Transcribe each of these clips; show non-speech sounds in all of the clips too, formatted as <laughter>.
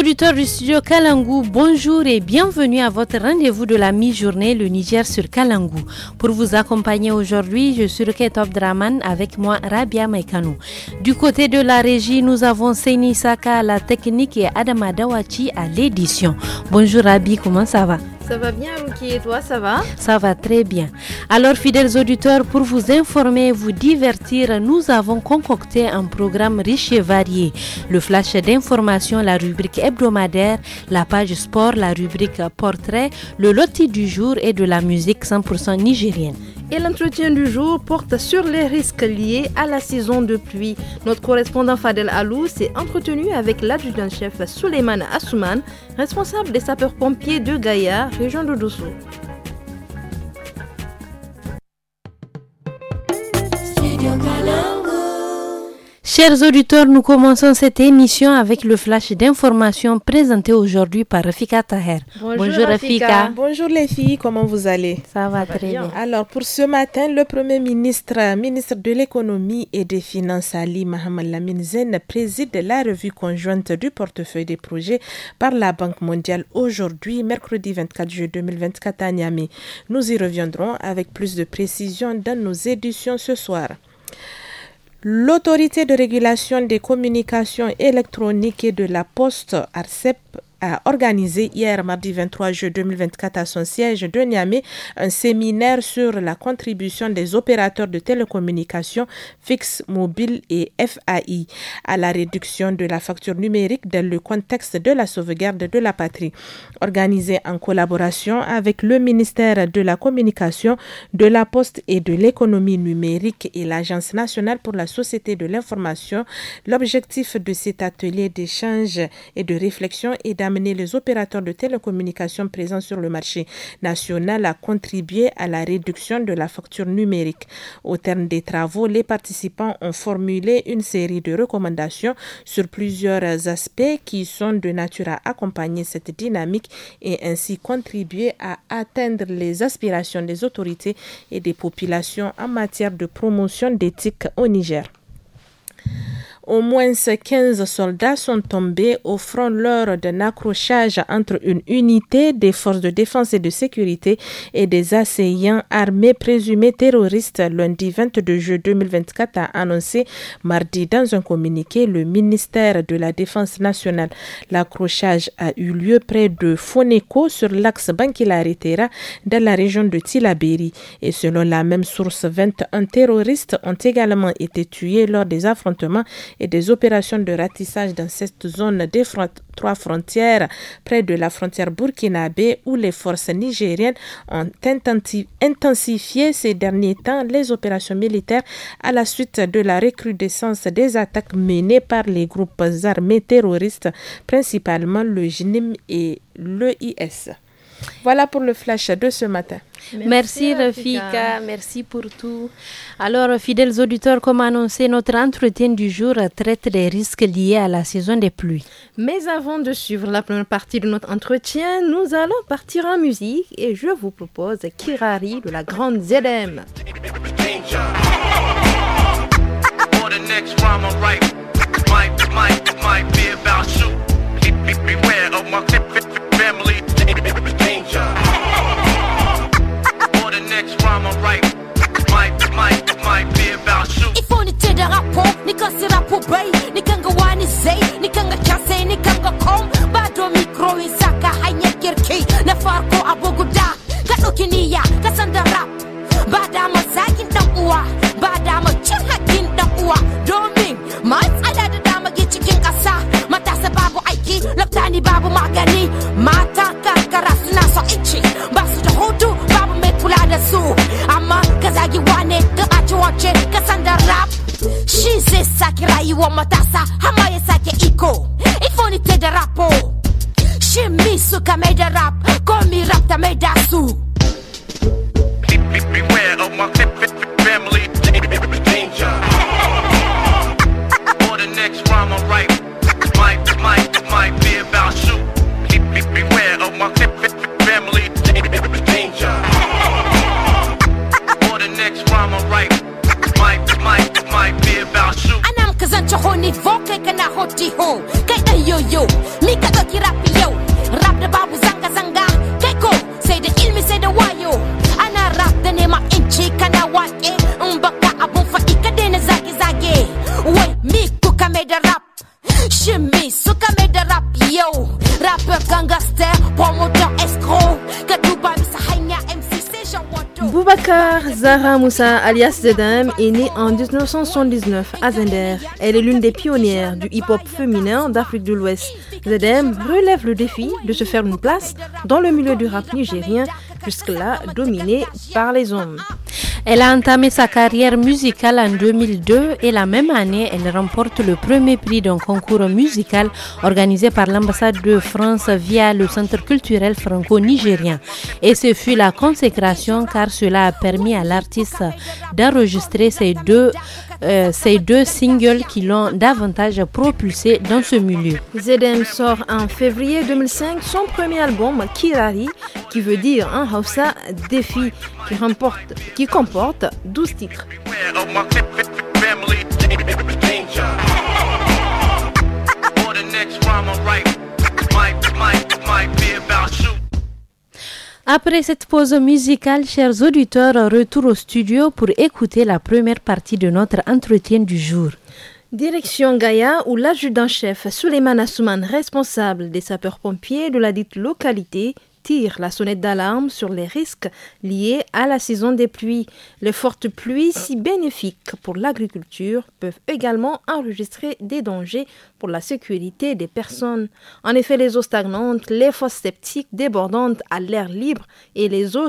Producteur du studio Kalangu, bonjour et bienvenue à votre rendez-vous de la mi-journée Le Niger sur Kalangu. Pour vous accompagner aujourd'hui, je suis le Top Draman avec moi Rabia Mekano. Du côté de la régie, nous avons Seini Saka à la technique et Adama Dawachi à l'édition. Bonjour Rabi, comment ça va ça va bien, Ruki, et toi, ça va Ça va très bien. Alors, fidèles auditeurs, pour vous informer vous divertir, nous avons concocté un programme riche et varié. Le flash d'information, la rubrique hebdomadaire, la page sport, la rubrique portrait, le loti du jour et de la musique 100% nigérienne. Et l'entretien du jour porte sur les risques liés à la saison de pluie. Notre correspondant Fadel Alou s'est entretenu avec l'adjudant-chef Souleyman Assouman, responsable des sapeurs-pompiers de Gaïa, région de Dosso. Chers auditeurs, nous commençons cette émission avec le flash d'informations présenté aujourd'hui par Rafika Taher. Bonjour, Rafika. Bonjour les filles, comment vous allez Ça va très bien. Alors pour ce matin, le Premier ministre, ministre de l'économie et des finances Ali Mohamed Lamine Zen préside la revue conjointe du portefeuille des projets par la Banque mondiale aujourd'hui, mercredi 24 juillet 2024 à Niamey. Nous y reviendrons avec plus de précision dans nos éditions ce soir. L'autorité de régulation des communications électroniques et de la poste, ARCEP, a organisé hier mardi 23 juin 2024 à son siège de Niamey un séminaire sur la contribution des opérateurs de télécommunications fixes, mobiles et FAI à la réduction de la facture numérique dans le contexte de la sauvegarde de la patrie. Organisé en collaboration avec le ministère de la Communication, de la Poste et de l'économie numérique et l'Agence nationale pour la société de l'information, l'objectif de cet atelier d'échange et de réflexion est d'améliorer amener les opérateurs de télécommunications présents sur le marché national à contribuer à la réduction de la facture numérique. Au terme des travaux, les participants ont formulé une série de recommandations sur plusieurs aspects qui sont de nature à accompagner cette dynamique et ainsi contribuer à atteindre les aspirations des autorités et des populations en matière de promotion d'éthique au Niger au moins 15 soldats sont tombés au front lors d'un accrochage entre une unité des forces de défense et de sécurité et des assaillants armés présumés terroristes lundi 22 juin 2024 a annoncé mardi dans un communiqué le ministère de la Défense nationale. L'accrochage a eu lieu près de Foneko sur l'axe Bankilaritera dans la région de Tilaberi et selon la même source 21 terroristes ont également été tués lors des affrontements et des opérations de ratissage dans cette zone des trois frontières près de la frontière burkinabé où les forces nigériennes ont intensifié ces derniers temps les opérations militaires à la suite de la recrudescence des attaques menées par les groupes armés terroristes, principalement le GNIM et l'EIS. Voilà pour le flash de ce matin. Merci, Rafika, merci pour tout. Alors, fidèles auditeurs, comme annoncé, notre entretien du jour traite des risques liés à la saison des pluies. Mais avant de suivre la première partie de notre entretien, nous allons partir en musique et je vous propose Kirari de la grande ZM. Obama right might, might, might be about you. Ifo nitenda hapo, nikasira pobei, nikangawa ni zei, nikanga chase, nikanga kom, bado mikro isaka hanya kirki, na farko aboguda, kasokiniya, kasanda rap, bada masakin dan uwa, bada macin hakin dan uwa, Doming, mas ada da dama ke cikin kasa, matasa babu aiki, laftani babu magani, mata karkara na so ichi, basu da hutu, su Amma ka zagi wane ka ɓaci wance rap Shi zai sake rayuwar matasa hama ya sake iko Ifo te da rapo Shi mi suka mai da rap ko rap ta mai da su Beware of my family danger Or the next rhyme I write might, might, might be about you Beware of my family choho nivo ke kana hoti ho kai da yo yo mi ka to kirap yo rap de babu zanga zanga kai ko sai da ilmi sai da wayo ana rap da nema inci kana wake in baka abun faɗi ka daina zage zage wai mi kuka mai da rap shimi mi suka mai da rap yo rap gangster promoter Boubacar Zahra Moussa alias Zedem est née en 1979 à Zender. Elle est l'une des pionnières du hip-hop féminin d'Afrique de l'Ouest. Zedem relève le défi de se faire une place dans le milieu du rap nigérien, jusque-là dominé par les hommes. Elle a entamé sa carrière musicale en 2002 et la même année, elle remporte le premier prix d'un concours musical organisé par l'ambassade de France via le Centre culturel franco-nigérien. Et ce fut la consécration car cela a permis à l'artiste d'enregistrer ses deux euh, ces deux singles qui l'ont davantage propulsé dans ce milieu. Zedem sort en février 2005 son premier album Kirari, qui veut dire en Hausa défi, qui, qui comporte 12 titres. <laughs> Après cette pause musicale, chers auditeurs, retour au studio pour écouter la première partie de notre entretien du jour. Direction Gaïa, où l'adjudant-chef Souleymane Assouman, responsable des sapeurs-pompiers de la dite localité, tire la sonnette d'alarme sur les risques liés à la saison des pluies. Les fortes pluies, si bénéfiques pour l'agriculture, peuvent également enregistrer des dangers pour la sécurité des personnes. En effet, les eaux stagnantes, les fosses septiques débordantes à l'air libre et les eaux,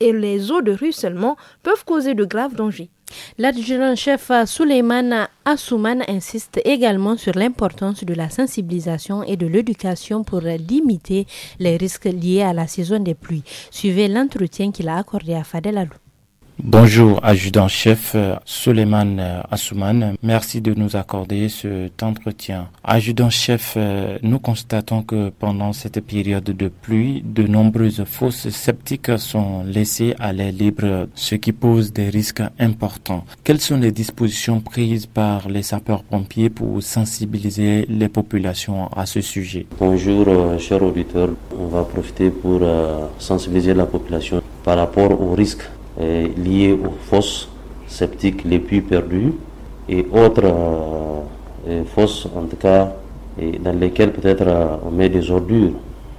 et les eaux de ruissellement peuvent causer de graves dangers. L'adjudant-chef Souleymane Assouman insiste également sur l'importance de la sensibilisation et de l'éducation pour limiter les risques liés à la saison des pluies. Suivez l'entretien qu'il a accordé à Fadel Alou. Bonjour, adjudant-chef euh, Suleiman euh, Assouman. Merci de nous accorder cet entretien. Adjudant-chef, euh, nous constatons que pendant cette période de pluie, de nombreuses fosses sceptiques sont laissées à l'air libre, ce qui pose des risques importants. Quelles sont les dispositions prises par les sapeurs-pompiers pour sensibiliser les populations à ce sujet Bonjour, cher auditeur. On va profiter pour sensibiliser la population par rapport aux risques liées aux fosses septiques, les puits perdus et autres euh, fosses, en tout cas, dans lesquelles peut-être euh, on met des ordures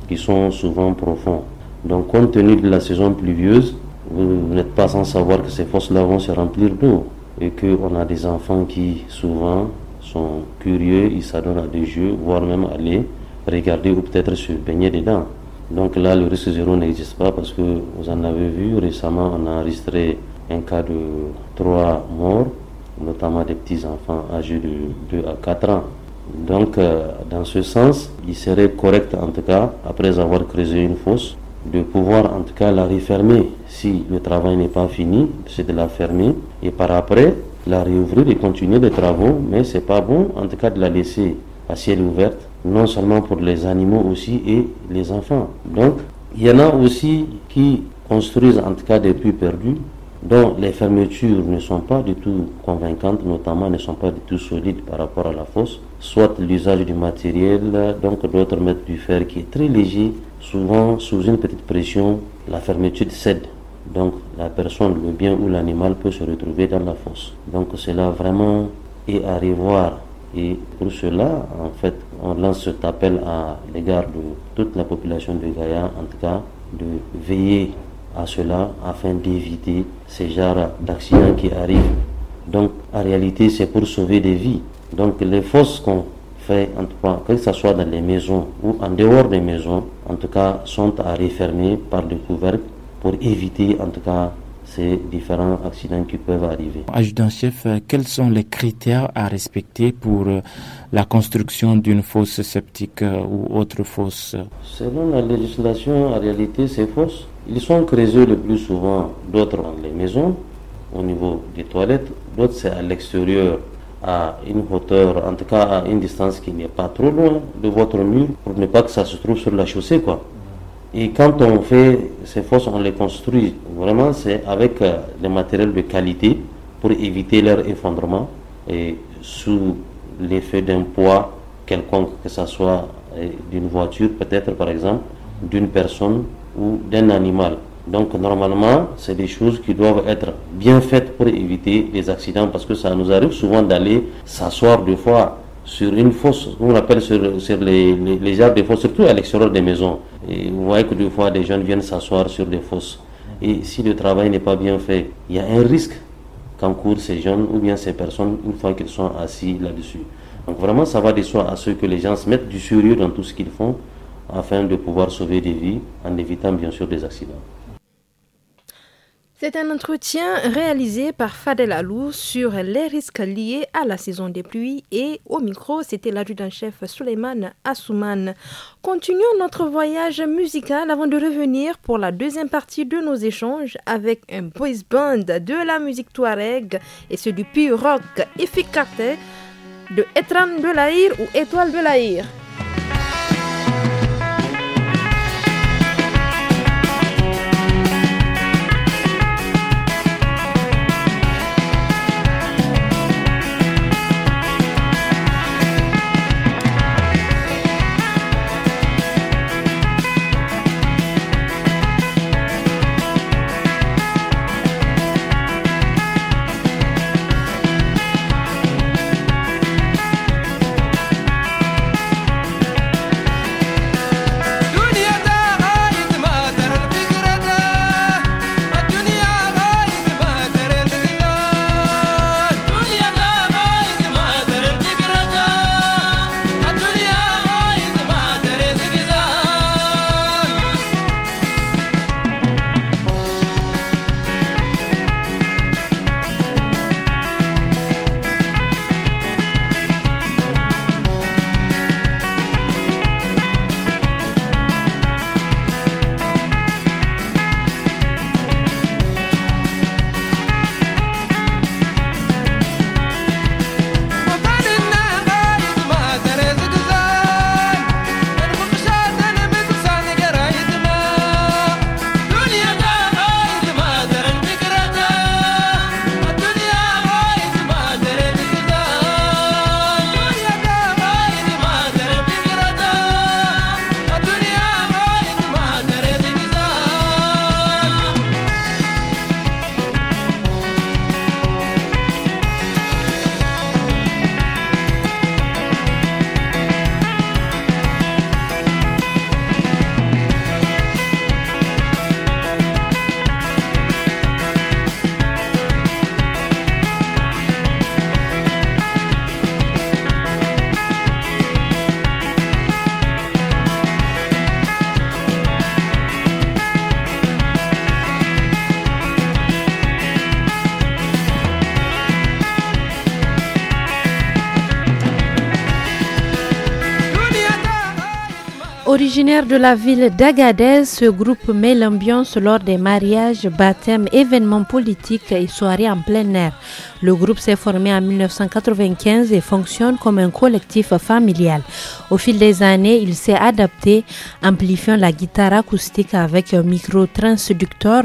qui sont souvent profondes Donc, compte tenu de la saison pluvieuse, vous n'êtes pas sans savoir que ces fosses-là vont se remplir d'eau et qu'on a des enfants qui souvent sont curieux, ils s'adonnent à des jeux, voire même aller regarder ou peut-être se baigner dedans. Donc là, le risque zéro n'existe pas parce que vous en avez vu récemment, on a enregistré un cas de trois morts, notamment des petits-enfants âgés de 2 à 4 ans. Donc, euh, dans ce sens, il serait correct, en tout cas, après avoir creusé une fosse, de pouvoir, en tout cas, la refermer. Si le travail n'est pas fini, c'est de la fermer et par après, la réouvrir et continuer les travaux. Mais c'est pas bon, en tout cas, de la laisser à ciel ouverte non seulement pour les animaux aussi et les enfants. Donc, il y en a aussi qui construisent en tout cas des puits perdus dont les fermetures ne sont pas du tout convaincantes, notamment ne sont pas du tout solides par rapport à la fosse, soit l'usage du matériel, donc d'autres mettent du fer qui est très léger, souvent sous une petite pression, la fermeture cède. Donc la personne, le bien ou l'animal peut se retrouver dans la fosse. Donc cela vraiment est à revoir. Et pour cela, en fait, on lance cet appel à l'égard de toute la population de Gaïa, en tout cas, de veiller à cela afin d'éviter ces genres d'accidents qui arrivent. Donc, en réalité, c'est pour sauver des vies. Donc, les forces qu'on fait, en tout cas, que ce soit dans les maisons ou en dehors des maisons, en tout cas, sont à refermer par des couvercles pour éviter, en tout cas, ces différents accidents qui peuvent arriver. Adjudant-chef, quels sont les critères à respecter pour euh, la construction d'une fosse septique euh, ou autre fosse Selon la législation, en réalité, ces fosses, ils sont creusés le plus souvent, d'autres dans les maisons, au niveau des toilettes, d'autres c'est à l'extérieur à une hauteur, en tout cas à une distance qui n'est pas trop loin de votre mur, pour ne pas que ça se trouve sur la chaussée. quoi. Et quand on fait ces fosses, on les construit vraiment, c'est avec euh, des matériels de qualité pour éviter leur effondrement et sous l'effet d'un poids quelconque, que ce soit euh, d'une voiture peut-être par exemple, d'une personne ou d'un animal. Donc normalement, c'est des choses qui doivent être bien faites pour éviter les accidents parce que ça nous arrive souvent d'aller s'asseoir deux fois sur une fosse, on appelle sur, les, les, les arbres des fosses, surtout à l'extérieur des maisons. Et vous voyez que des fois, des jeunes viennent s'asseoir sur des fosses. Et si le travail n'est pas bien fait, il y a un risque qu'encourent ces jeunes ou bien ces personnes une fois qu'ils sont assis là-dessus. Donc vraiment, ça va de soi à ce que les gens se mettent du sérieux dans tout ce qu'ils font afin de pouvoir sauver des vies en évitant bien sûr des accidents. C'est un entretien réalisé par Fadel Alou sur les risques liés à la saison des pluies et au micro, c'était l'adjudant-chef Suleiman Assouman. Continuons notre voyage musical avant de revenir pour la deuxième partie de nos échanges avec un boys band de la musique touareg et celui du pur rock efficace de Etran de l'Aïr ou Étoile de Originaire de la ville d'Agadez, ce groupe met l'ambiance lors des mariages, baptêmes, événements politiques et soirées en plein air. Le groupe s'est formé en 1995 et fonctionne comme un collectif familial. Au fil des années, il s'est adapté, amplifiant la guitare acoustique avec un micro transducteur,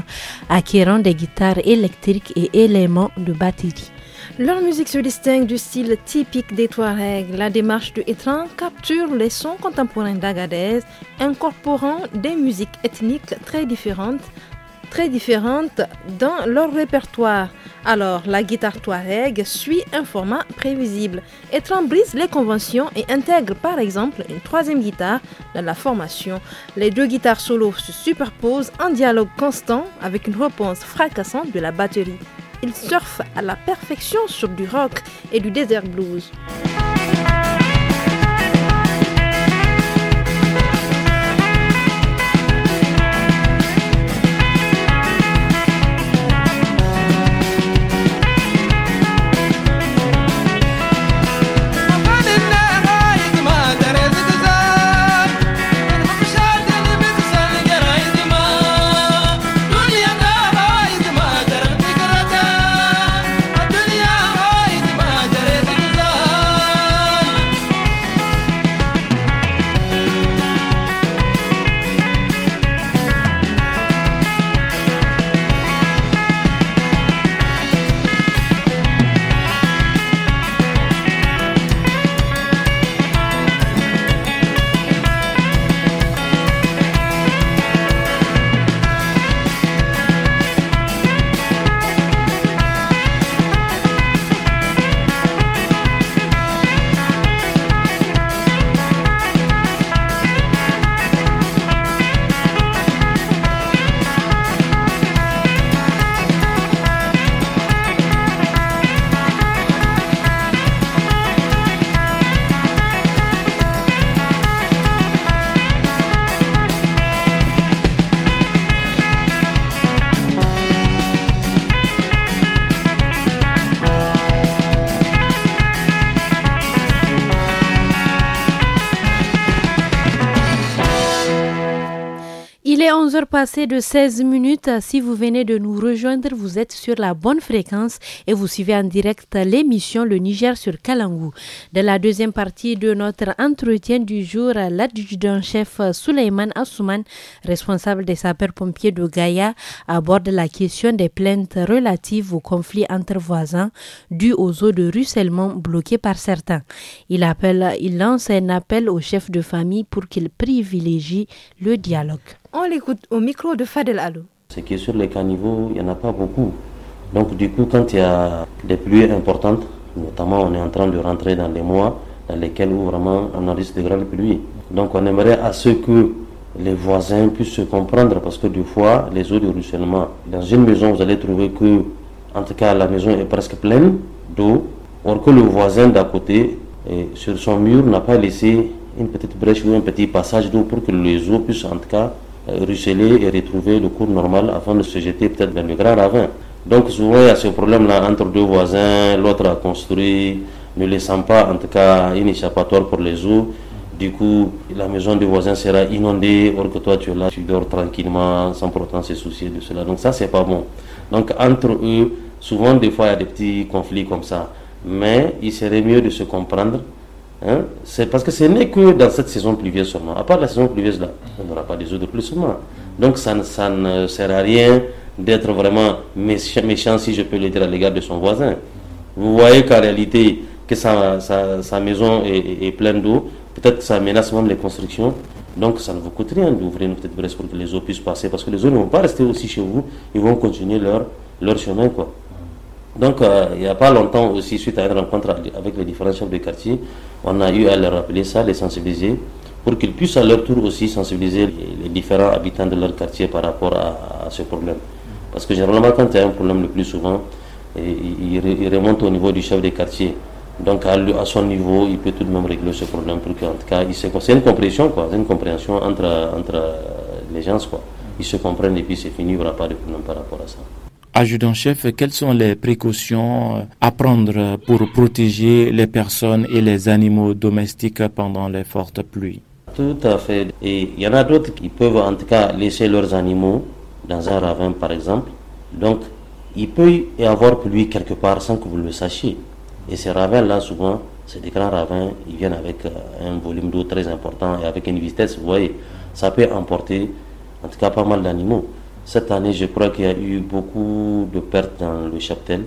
acquérant des guitares électriques et éléments de batterie. Leur musique se distingue du style typique des Touaregs. La démarche de Etran capture les sons contemporains d'Agadez, incorporant des musiques ethniques très différentes très différentes dans leur répertoire. Alors, la guitare touareg suit un format prévisible. Etran brise les conventions et intègre par exemple une troisième guitare dans la formation. Les deux guitares solo se superposent en dialogue constant avec une réponse fracassante de la batterie il surfe à la perfection sur du rock et du desert blues. passé de 16 minutes. Si vous venez de nous rejoindre, vous êtes sur la bonne fréquence et vous suivez en direct l'émission Le Niger sur Kalangou. Dans la deuxième partie de notre entretien du jour, l'adjudant-chef Souleyman Assouman, responsable des sapeurs-pompiers de Gaïa, aborde la question des plaintes relatives aux conflits entre voisins dus aux eaux de ruissellement bloquées par certains. Il, appelle, il lance un appel au chef de famille pour qu'il privilégie le dialogue. On l'écoute au micro de Fadel Alou. qui est sur les caniveaux, il n'y en a pas beaucoup. Donc du coup, quand il y a des pluies importantes, notamment on est en train de rentrer dans les mois dans lesquels vraiment on risque de grandes pluies. Donc on aimerait à ce que les voisins puissent se comprendre parce que des fois, les eaux de ruissellement, dans une maison, vous allez trouver que, en tout cas, la maison est presque pleine d'eau, alors que le voisin d'à côté, eh, sur son mur, n'a pas laissé une petite brèche ou un petit passage d'eau pour que les eaux puissent, en tout cas, euh, ruisseler et retrouver le cours normal afin de se jeter peut-être dans le grand ravin. Donc souvent il y a ce problème-là entre deux voisins, l'autre a construit, ne laissant pas en tout cas une échappatoire pour les eaux. Du coup, la maison du voisin sera inondée, or que toi tu es là, tu dors tranquillement, sans pourtant se soucier de cela. Donc ça, c'est pas bon. Donc entre eux, souvent des fois il y a des petits conflits comme ça. Mais il serait mieux de se comprendre Hein? c'est parce que ce n'est que dans cette saison pluvieuse seulement. À part la saison pluvieuse là, on n'aura pas des eaux de plus seulement. Donc ça, ne sert à rien d'être vraiment méchant, si je peux le dire, à l'égard de son voisin. Vous voyez qu'en réalité, que sa, sa, maison est, pleine d'eau, peut-être que ça menace même les constructions. Donc ça ne vous coûte rien d'ouvrir une petite brèche pour que les eaux puissent passer, parce que les eaux ne vont pas rester aussi chez vous, ils vont continuer leur, leur chemin. quoi. Donc, euh, il n'y a pas longtemps aussi, suite à une rencontre avec les différents chefs de quartier, on a eu à leur rappeler ça, les sensibiliser, pour qu'ils puissent à leur tour aussi sensibiliser les, différents habitants de leur quartier par rapport à, ce problème. Parce que généralement, quand il y a un problème, le plus souvent, il, remonte au niveau du chef de quartier. Donc, à, son niveau, il peut tout de même régler ce problème pour qu'en tout cas, c'est une compréhension, quoi, une compréhension entre, entre les gens, quoi. Ils se comprennent et puis c'est fini, il n'y aura pas de problème par rapport à ça. Adjudant-chef, quelles sont les précautions euh, à prendre pour protéger les personnes et les animaux domestiques pendant les fortes pluies Tout à fait. Et il y en a d'autres qui peuvent en tout cas laisser leurs animaux dans un ravin par exemple. Donc il peut y avoir pluie quelque part sans que vous le sachiez. Et ces ravins-là, souvent, c'est des grands ravins, ils viennent avec euh, un volume d'eau très important et avec une vitesse, vous voyez, ça peut emporter en tout cas pas mal d'animaux. Cette année, je crois qu'il y a eu beaucoup de pertes dans le cheptel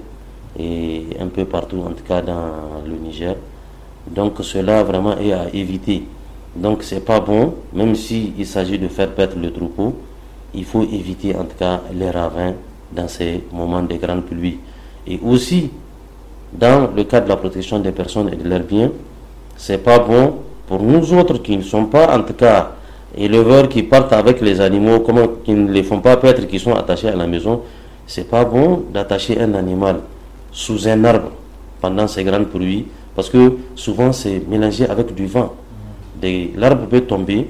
et un peu partout, en tout cas dans le Niger. Donc cela vraiment est à éviter. Donc c'est pas bon, même s'il s'agit de faire perdre le troupeau, il faut éviter en tout cas les ravins dans ces moments de grandes pluies. Et aussi, dans le cadre de la protection des personnes et de leurs biens, c'est pas bon pour nous autres qui ne sommes pas en tout cas éleveurs qui partent avec les animaux, comment ils ne les font pas Peut-être qu'ils sont attachés à la maison, c'est pas bon d'attacher un animal sous un arbre pendant ces grandes pluies, parce que souvent c'est mélangé avec du vent. L'arbre peut tomber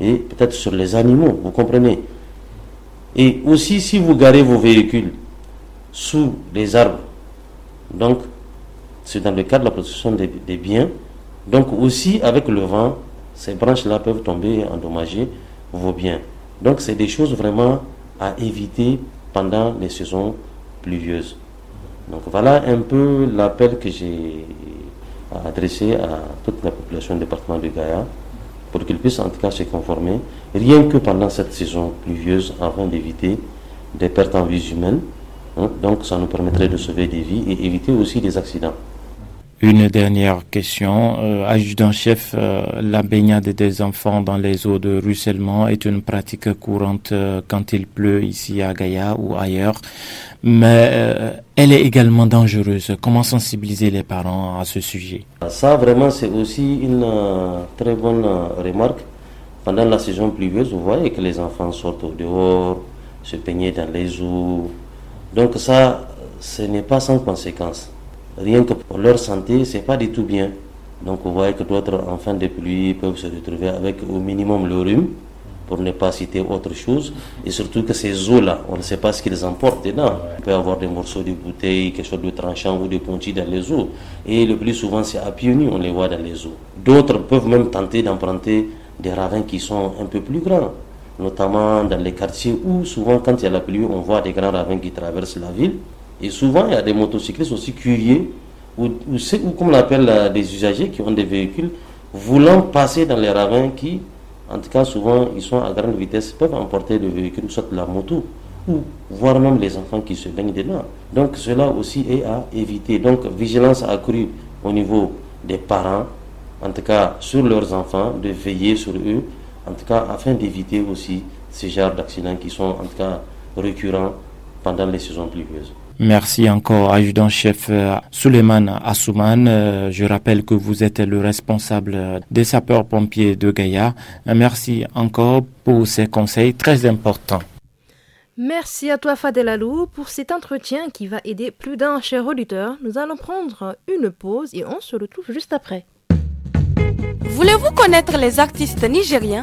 et peut-être sur les animaux, vous comprenez. Et aussi si vous garez vos véhicules sous les arbres, donc c'est dans le cadre de la protection des, des biens, donc aussi avec le vent, ces branches-là peuvent tomber et endommager vos biens. Donc c'est des choses vraiment à éviter pendant les saisons pluvieuses. Donc voilà un peu l'appel que j'ai adressé à toute la population du département de Gaïa pour qu'ils puissent en tout cas se conformer, rien que pendant cette saison pluvieuse, afin d'éviter des pertes en vie humaine. Hein. Donc ça nous permettrait de sauver des vies et éviter aussi des accidents. Une dernière question. Euh, chef euh, la baignade des enfants dans les eaux de ruissellement est une pratique courante euh, quand il pleut ici à Gaïa ou ailleurs, mais euh, elle est également dangereuse. Comment sensibiliser les parents à ce sujet Ça, vraiment, c'est aussi une très bonne remarque. Pendant la saison pluvieuse, vous voyez que les enfants sortent dehors, se baignent dans les eaux. Donc ça, ce n'est pas sans conséquence rien que pour leur santé, c'est pas du tout bien. Donc vous voyez que d'autres enfants de pluie peuvent se retrouver avec au minimum le rhume, pour ne pas citer autre chose. Et surtout que ces eaux-là, on ne sait pas ce qu'ils emportent dedans. On peut avoir des morceaux de bouteilles, quelque chose de tranchant ou de pontis dans les eaux. Et le plus souvent, c'est à pionnier, on les voit dans les eaux. D'autres peuvent même tenter d'emprunter des ravins qui sont un peu plus grands, notamment dans les quartiers où souvent quand il y a la pluie, on voit des grands ravins qui traversent la ville. Et souvent, il y a des motocyclistes aussi curieux, ou, comme on appelle euh, des usagers qui ont des véhicules, voulant passer dans les ravins qui, en tout cas, souvent, ils sont à grande vitesse, peuvent emporter le véhicule, soit la moto, ou voire même les enfants qui se baignent dedans. Donc, cela aussi est à éviter. Donc, vigilance accrue au niveau des parents, en tout cas sur leurs enfants, de veiller sur eux, en tout cas afin d'éviter aussi ces genres d'accidents qui sont en tout cas récurrents pendant les saisons pluvieuses. Merci encore, adjudant-chef euh, Suleiman Assouman. Euh, je rappelle que vous êtes le responsable des sapeurs-pompiers de Gaïa. Euh, merci encore pour ces conseils très importants. Merci à toi Fadelalou pour cet entretien qui va aider plus d'un cher auditeur. Nous allons prendre une pause et on se retrouve juste après. Voulez-vous connaître les artistes nigériens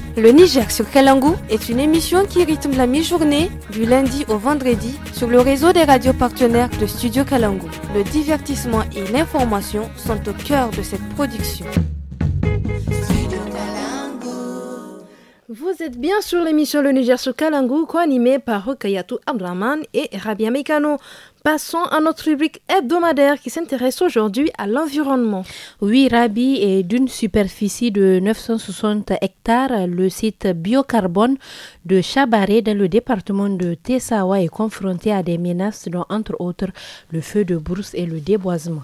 Le Niger sur Kalangu est une émission qui rythme la mi-journée du lundi au vendredi sur le réseau des radios partenaires de Studio Kalangu. Le divertissement et l'information sont au cœur de cette production. Vous êtes bien sur l'émission Le Niger sur Kalangu, co-animée par Rukayatu Abdraman et Rabia Mekano. Passons à notre rubrique hebdomadaire qui s'intéresse aujourd'hui à l'environnement. Oui, Rabi est d'une superficie de 960 hectares. Le site biocarbone de Chabaret, dans le département de Tessawa est confronté à des menaces dont entre autres le feu de brousse et le déboisement.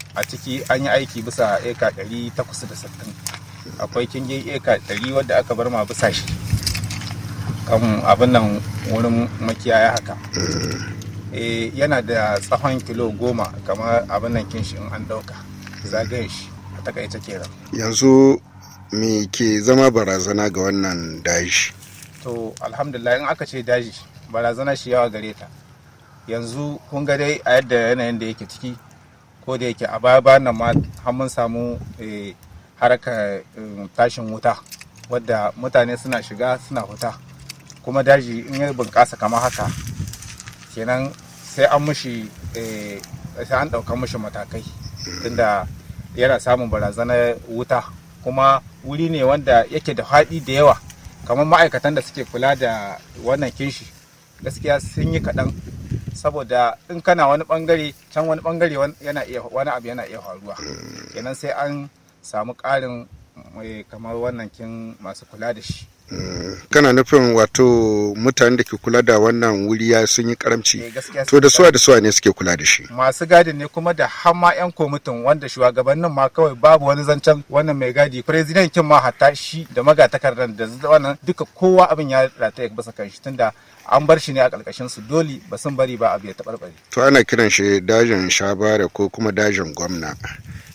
a ciki an yi aiki bisa eka 860 akwai kingin eka 100 wadda aka bar ma bisa shi kan abin nan wurin makiyaya haka eh, yana da tsawon kilo goma kamar abin nan kinshi in an dauka zagaye shi a takaice kenan yanzu me ke zama barazana ga wannan daji to alhamdulillah in aka ce daji barazana shi yawa gare ta yanzu kun ga dai a yadda yanayin da yake ciki ko da yake a baya bayan nan ma har mun samu eh, harkar eh, tashin wuta wadda mutane suna shiga suna huta kuma daji in ya bunƙasa kamar haka kenan sai an mushi eh, sai an ɗauka mushi matakai tunda yana samun barazana wuta kuma wuri ne wanda yake da faɗi da yawa kamar ma'aikatan da suke kula da wannan kinshi gaskiya sun yi kaɗan saboda in kana wani bangare can wani bangare wani abu yana iya faruwa kenan sai an samu karin kamar wannan kin masu kula da shi kana nufin wato mutane da ke kula da wannan wuri ya sun yi karamci eh, to da suwa da suwa ne suke kula da shi masu gadi ne kuma da hama yan komitin wanda shugabannin ma kawai babu wani zancen wannan mai gadi kin ma hatta shi da magatakardar da wannan duka kowa abin ya rataya bisa kan shi tunda an bar shi ne a karkashin su dole ba sun bari ba abu ya taɓarɓare to ana kiran shi dajin shabara ko kuma dajin gwamna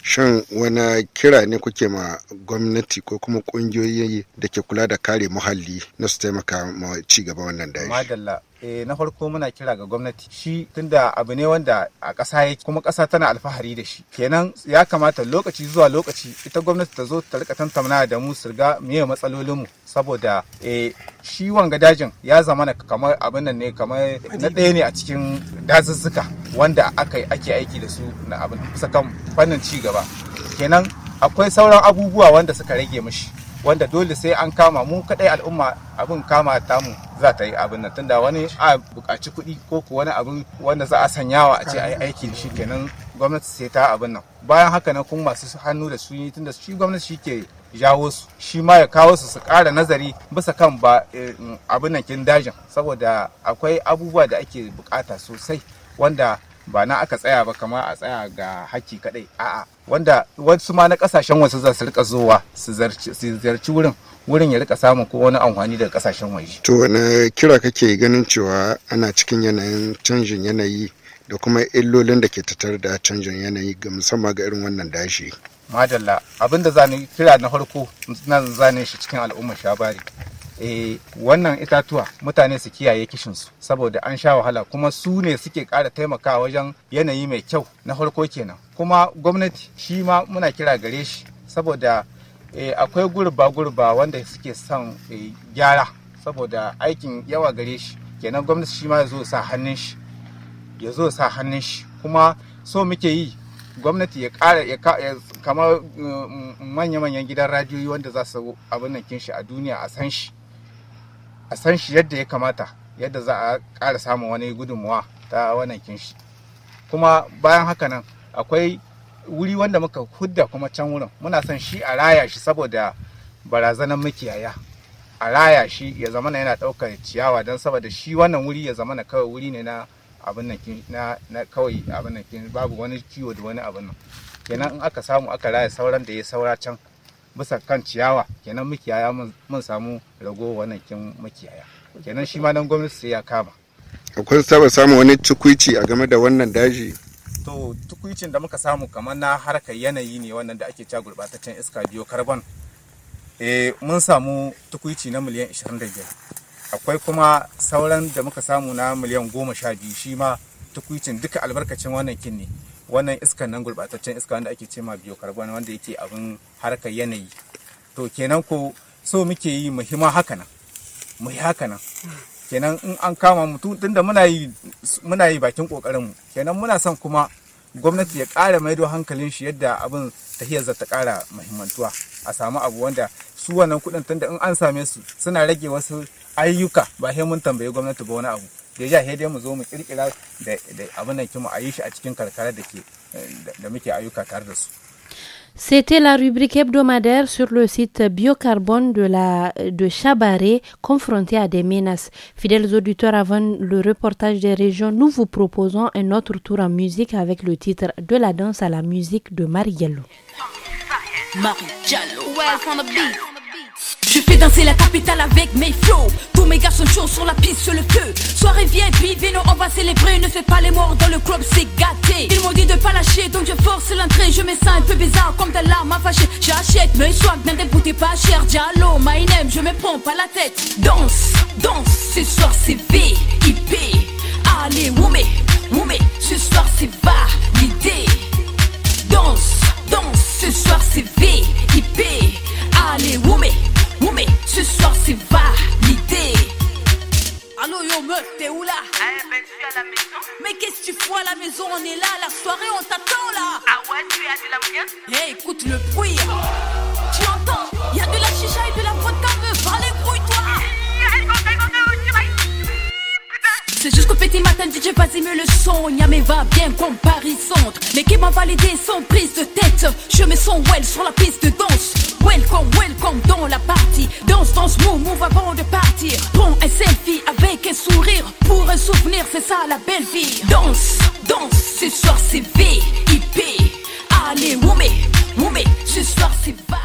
shan wani kira ne kuke ma gwamnati ko kuma kungiyoyi da ke kula da kare muhalli na su taimaka ma ci gaba wannan daji madalla Eh, na farko muna kira ga gwamnati shi tunda abu ne wanda a ƙasa yake kuma ƙasa tana alfahari da shi kenan ya kamata lokaci zuwa lokaci ita gwamnati ta zo ta rika tantamna da mu su riga meye matsalolinmu saboda eh, shi wanga dajin ya zama kamar abin nan ne kamar na ɗaya ne a cikin dazuzzuka wanda aka ake aiki da su na abin kusa kan fannin ci gaba kenan akwai sauran abubuwa wanda suka rage mishi wanda dole sai an kama mu kadai al'umma abin kama tamu za ta yi abin nan tunda wani a buƙaci kuɗi ko ku wani abin wanda za a sanyawa a ce a yi aiki shi kenan gwamnati sai ta abin nan bayan haka nan kuma masu hannu da sunyi yi tunda shi gwamnati shi ke jawo su shi ma ya kawo su su ƙara nazari bisa kan ba eh, abin nan kin dajin saboda akwai abubuwa da ake buƙata sosai wanda ba na aka tsaya ba kamar a tsaya ga haki kadai a'a wanda wasu ma na kasashen wasu za su rika zuwa su ziyarci wurin wurin ya rika samun ko wani amfani daga kasashen waje to wani kira kake ganin cewa ana cikin yanayin canjin yanayi da kuma illolin da ke tattare da canjin yanayi ga musamman ga irin wannan dashi madalla abinda zani kira na farko nan zane shi cikin al'ummar shabari eh wannan itatuwa mutane su kiyaye kishinsu saboda an sha wahala kuma su ne suke ƙara taimakawa wajen yanayi mai kyau na farko kenan kuma gwamnati shi ma muna kira gare shi saboda eh, akwai gurba-gurba wanda suke son eh, gyara saboda aikin yawa gare shi kenan gwamnati shi ma ya zo sa hannun shi hannun shi kuma so muke yi gwamnati ya ƙara ya kama mm, mm, manya-manyan gidan radiyoyi wanda za su abin nan shi a duniya a san shi a san shi yadda ya kamata yadda za a ƙara samun wani gudunmuwa ta wannan kinshi kuma bayan haka nan akwai wuri wanda muka hudda kuma can wurin muna son shi a raya shi saboda barazanar makiyaya a raya shi ya zama yana ɗaukar ciyawa don saboda shi wannan wuri ya zama kawai wuri ne na abin na, na kawai abin nan babu wani kiwo da wani abin nan kenan in aka samu aka raya sauran da ya saura can bisa kan ciyawa kenan makiyaya mun samu rago wannan kin makiyaya kenan shi ma nan gwamnati sai ya kama akwai saba samu wani tukuici a game da wannan daji to tukuicin da muka samu kamar na harkar yanayi ne wannan da ake cewa gurbataccen iska biyo carbon eh mun samu tukuici na miliyan 25 akwai kuma sauran da muka samu na miliyan 12 shi ma tukuicin duka albarkacin wannan kin ne wannan iskan nan gurbataccen iska wanda ake cema biocarbon wanda yake abin harkar yanayi to kenan ko so muke yi muhimman haka nan mu yi haka nan kenan in an kama mutum tunda muna yi muna yi bakin kokarin mu kenan muna son kuma gwamnati ya ƙara maido hankalin shi yadda abin tahiyar za ta ƙara muhimmantuwa a samu abu wanda su wannan kuɗin tunda in an same su suna rage wasu ayyuka ba sai mun tambayi gwamnati ba wani abu C'était la rubrique hebdomadaire sur le site biocarbone de, la, de Chabaret, confronté à des menaces. Fidèles auditeurs, avant le reportage des régions, nous vous proposons un autre tour en musique avec le titre De la danse à la musique de Mariello. Mariello. Je fais danser la capitale avec mes flots. Tous mes gars sont chauds sur la piste, sur le feu. Soirée vient, vivez, nous on va célébrer. Ne fais pas les morts dans le club, c'est gâté. Ils m'ont dit de pas lâcher, donc je force l'entrée. Je me sens un peu bizarre, comme larme larmes fâchée. J'achète mes soins, n'en déboutez pas cher. Diallo, my name, je me pompe pas la tête. Danse, danse, ce soir c'est VIP. Allez, woumé, woumé, ce soir c'est validé. Danse, danse, ce soir c'est VIP. Allez, woumé c'est validé. Allo yo meuf, t'es où là ah, Eh ben à la maison. Mais qu'est-ce que tu fous à la maison On est là, la soirée on t'attend là. Ah ouais, tu es de la moyenne Eh écoute le bruit. Tu entends Il y a de la chicha et de la vodka meuf. Allez Jusqu'au petit matin, DJ, vas pas mets le son. Y'a va-bien comme Paris centre. L'équipe m'a validé sans prise de tête. Je me sens well sur la piste de danse. Welcome, welcome dans la partie. Danse, danse, move, move avant de partir. Prends un selfie avec un sourire. Pour un souvenir, c'est ça la belle vie. Danse, danse, ce soir c'est VIP. Allez, woumé, woumé, ce soir c'est va.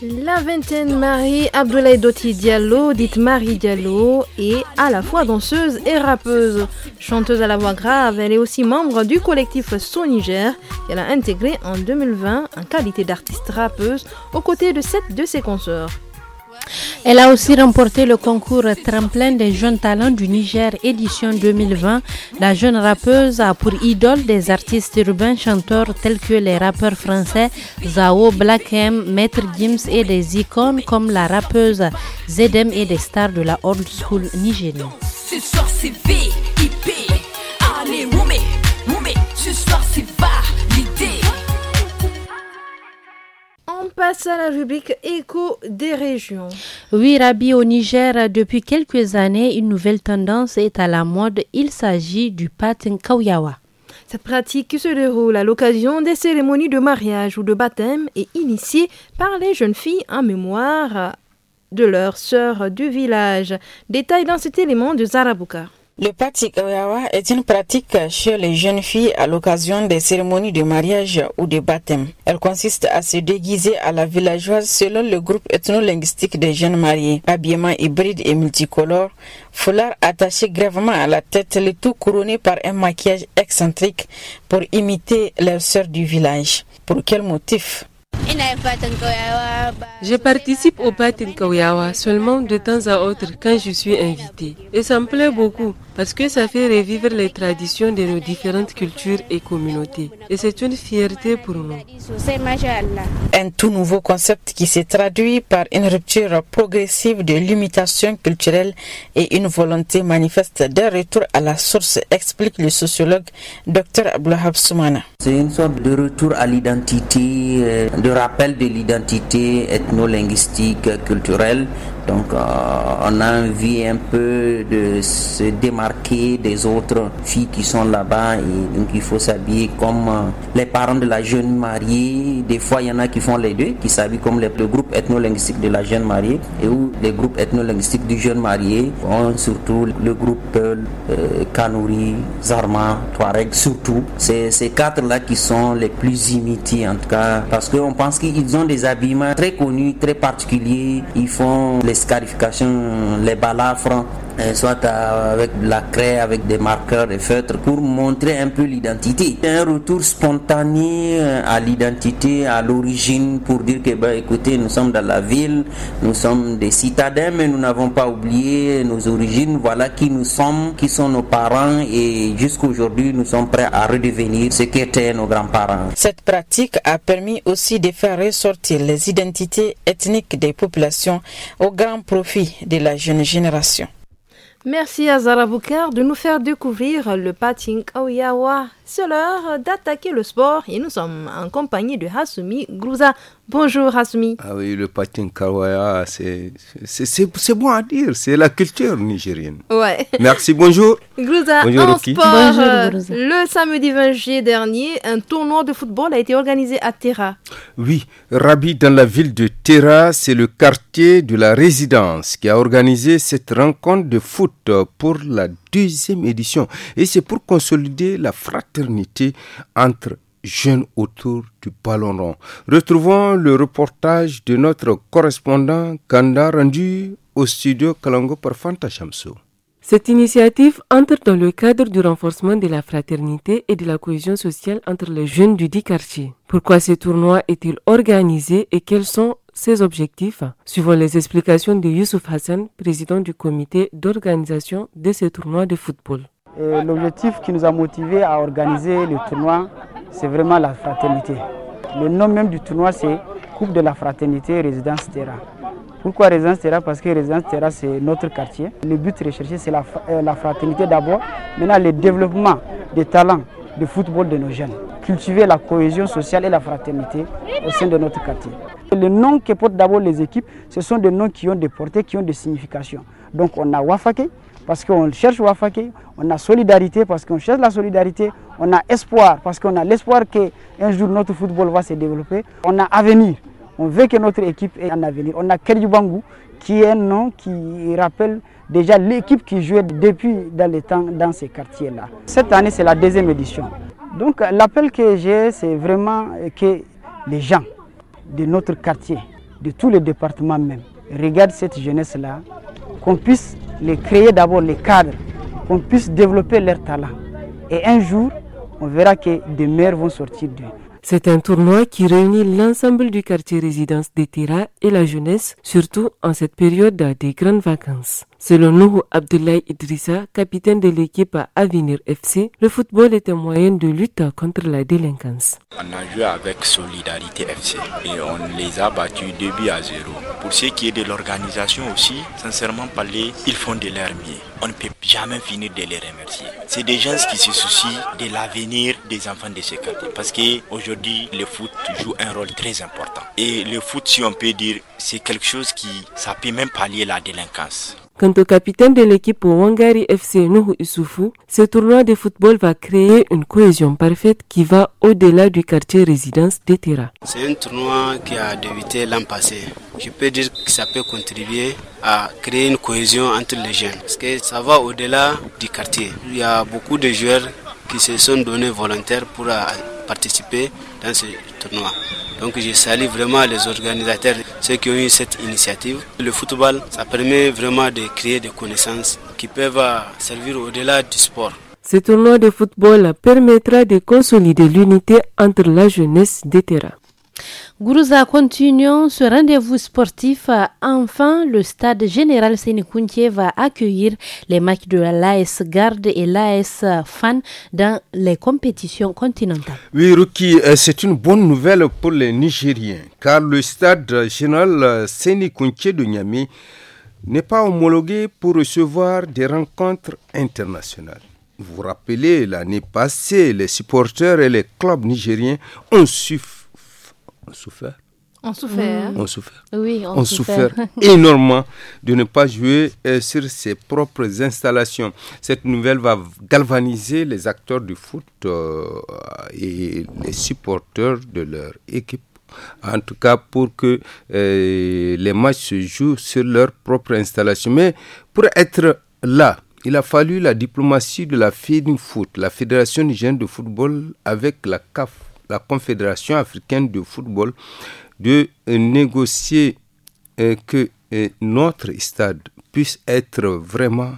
La vingtaine Marie Abdoulaye Doti Diallo, dite Marie Diallo, est à la fois danseuse et rappeuse. Chanteuse à la voix grave, elle est aussi membre du collectif Son Niger qu'elle a intégré en 2020 en qualité d'artiste rappeuse aux côtés de sept de ses consoeurs. Elle a aussi remporté le concours tremplin des jeunes talents du Niger édition 2020. La jeune rappeuse a pour idole des artistes urbains chanteurs tels que les rappeurs français Zao, Black M, Maître Gims et des icônes comme la rappeuse Zedem et des stars de la old school nigérienne. on passe à la rubrique écho des régions. Oui, Rabi, au Niger, depuis quelques années, une nouvelle tendance est à la mode. Il s'agit du patin kawyawa. Cette pratique se déroule à l'occasion des cérémonies de mariage ou de baptême et initiée par les jeunes filles en mémoire de leur sœur du village. Détail dans cet élément de Zarabuka. Le Oyawa est une pratique chez les jeunes filles à l'occasion des cérémonies de mariage ou de baptême. Elle consiste à se déguiser à la villageoise selon le groupe ethno-linguistique des jeunes mariés. Habillement hybride et multicolore, foulard attaché gravement à la tête, le tout couronné par un maquillage excentrique pour imiter les sœurs du village. Pour quel motif je participe au Patin Kawiawa seulement de temps à autre quand je suis invité. Et ça me plaît beaucoup parce que ça fait revivre les traditions de nos différentes cultures et communautés. Et c'est une fierté pour nous. Un tout nouveau concept qui se traduit par une rupture progressive de l'imitation culturelle et une volonté manifeste d'un retour à la source, explique le sociologue Dr. Abdelhab Soumana. C'est une sorte de retour à l'identité, euh, le rappel de l'identité ethno-linguistique culturelle donc euh, on a envie un peu de se démarquer des autres filles qui sont là-bas et donc il faut s'habiller comme euh, les parents de la jeune mariée. Des fois il y en a qui font les deux, qui s'habillent comme le groupe ethno-linguistique de la jeune mariée et ou les groupes ethno du jeune marié, ont surtout le groupe Peul, Kanouri, Zarma, Touareg surtout. C'est ces quatre-là qui sont les plus imités en tout cas parce qu'on pense qu'ils ont des habillements très connus, très particuliers. Ils font les scarification, les balafres, euh, soit euh, avec de la craie, avec des marqueurs, des feutres, pour montrer un peu l'identité. Un retour spontané euh, à l'identité, à l'origine, pour dire que, bah, écoutez, nous sommes dans la ville, nous sommes des citadins, mais nous n'avons pas oublié nos origines, voilà qui nous sommes, qui sont nos parents, et jusqu'aujourd'hui, nous sommes prêts à redevenir ce qu'étaient nos grands-parents. Cette pratique a permis aussi de faire ressortir les identités ethniques des populations au grand profit de la jeune génération. Merci à Zara Boukar de nous faire découvrir le au Yawa. C'est l'heure d'attaquer le sport et nous sommes en compagnie de Hasumi Grouza. Bonjour Hasumi. Ah oui, le patin kawaya, c'est bon à dire, c'est la culture nigérienne. Ouais. Merci, bonjour. Grouza, bonjour, bonjour, euh, le samedi 20 juillet dernier, un tournoi de football a été organisé à Terra. Oui, Rabi, dans la ville de Terra, c'est le quartier de la résidence qui a organisé cette rencontre de foot pour la deuxième édition. Et c'est pour consolider la fraternité entre jeunes autour du ballon rond. Retrouvons le reportage de notre correspondant Kanda rendu au studio Kalango par Fanta Cette initiative entre dans le cadre du renforcement de la fraternité et de la cohésion sociale entre les jeunes du dit quartier. Pourquoi ce tournoi est-il organisé et quels sont ces objectifs, suivant les explications de Youssouf Hassan, président du comité d'organisation de ce tournoi de football. Euh, l'objectif qui nous a motivés à organiser le tournoi, c'est vraiment la fraternité. Le nom même du tournoi, c'est Coupe de la fraternité Résidence Terra. Pourquoi Résidence Terra Parce que Résidence Terra, c'est notre quartier. Le but recherché, c'est la, euh, la fraternité d'abord. Maintenant, le développement des talents de football de nos jeunes. Cultiver la cohésion sociale et la fraternité au sein de notre quartier. Les noms que portent d'abord les équipes, ce sont des noms qui ont des portées, qui ont des significations. Donc on a Wafake parce qu'on cherche Wafake, on a solidarité parce qu'on cherche la solidarité, on a espoir parce qu'on a l'espoir qu'un jour notre football va se développer, on a avenir, on veut que notre équipe ait un avenir. On a Kerjubangu qui est un nom qui rappelle déjà l'équipe qui jouait depuis dans les temps dans ces quartiers-là. Cette année, c'est la deuxième édition. Donc l'appel que j'ai, c'est vraiment que les gens de notre quartier, de tous les départements même, regarde cette jeunesse-là, qu'on puisse les créer d'abord les cadres, qu'on puisse développer leurs talents. Et un jour, on verra que des mères vont sortir d'eux. C'est un tournoi qui réunit l'ensemble du quartier résidence des Tira et la jeunesse, surtout en cette période des grandes vacances. Selon Nourou Abdoulaye Idrissa, capitaine de l'équipe à Avenir FC, le football est un moyen de lutte contre la délinquance. On a joué avec Solidarité FC et on les a battus 2 buts à 0. Pour ce qui est de l'organisation aussi, sincèrement parler, ils font de l'armée. mieux. On ne peut jamais finir de les remercier. C'est des gens qui se soucient de l'avenir des enfants de ce quartier parce qu'aujourd'hui, le foot joue un rôle très important. Et le foot, si on peut dire, c'est quelque chose qui, ça peut même pallier la délinquance. Quant au capitaine de l'équipe Wangari FC Nuhu Isufu, ce tournoi de football va créer une cohésion parfaite qui va au-delà du quartier résidence d'Etera. C'est un tournoi qui a débuté l'an passé. Je peux dire que ça peut contribuer à créer une cohésion entre les jeunes parce que ça va au-delà du quartier. Il y a beaucoup de joueurs qui se sont donnés volontaires pour participer dans ce donc je salue vraiment les organisateurs, ceux qui ont eu cette initiative. Le football, ça permet vraiment de créer des connaissances qui peuvent euh, servir au-delà du sport. Ce tournoi de football permettra de consolider l'unité entre la jeunesse des terrains. Gourouza, continuons ce rendez-vous sportif. Enfin, le stade général Sénécountier va accueillir les matchs de l'AS Garde et l'AS Fan dans les compétitions continentales. Oui, Ruki, euh, c'est une bonne nouvelle pour les Nigériens, car le stade général euh, Sénécountier de Niamey n'est pas homologué pour recevoir des rencontres internationales. Vous vous rappelez, l'année passée, les supporters et les clubs nigériens ont suffi souffert. On souffert. On souffert. Hein. Oui, on, souffert. <laughs> énormément de ne pas jouer euh, sur ses propres installations. Cette nouvelle va galvaniser les acteurs du foot euh, et les supporters de leur équipe. En tout cas, pour que euh, les matchs se jouent sur leur propre installation. Mais pour être là, il a fallu la diplomatie de la Foot, la Fédération nigérienne de football, avec la CAF la Confédération africaine de football de euh, négocier euh, que euh, notre stade puisse être vraiment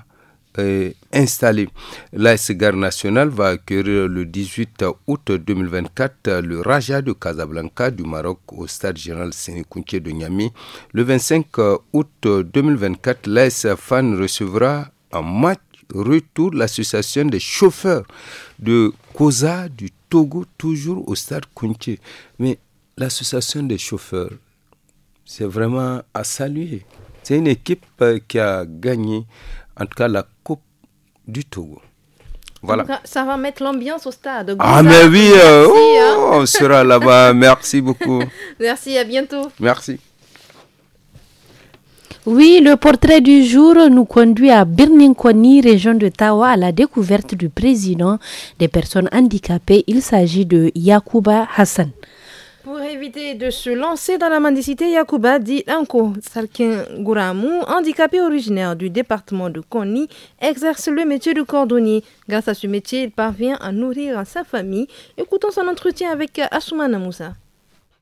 installé. L'AS Garde Nationale va accueillir le 18 août 2024 le Raja de Casablanca du Maroc au stade général Sénécountier de Niamey. Le 25 août 2024, l'AS Fan recevra en match retour l'association des chauffeurs de COSA du Togo, toujours au stade Kunche. Mais l'association des chauffeurs, c'est vraiment à saluer. C'est une équipe euh, qui a gagné, en tout cas, la Coupe du Togo. Voilà. Ça, va mettre l'ambiance au stade. ah, mais oui, euh, oh, hein. on sera là-bas. <laughs> Merci beaucoup. Merci, à bientôt. Merci. Oui, le portrait du jour nous conduit à Koni, région de Tawa, à la découverte du président des personnes handicapées. Il s'agit de Yakuba Hassan. Pour éviter de se lancer dans la mendicité, Yakuba dit Anko Salkin Gouramou, handicapé originaire du département de Koni, exerce le métier de cordonnier. Grâce à ce métier, il parvient à nourrir sa famille. Écoutons son entretien avec Asumana Moussa.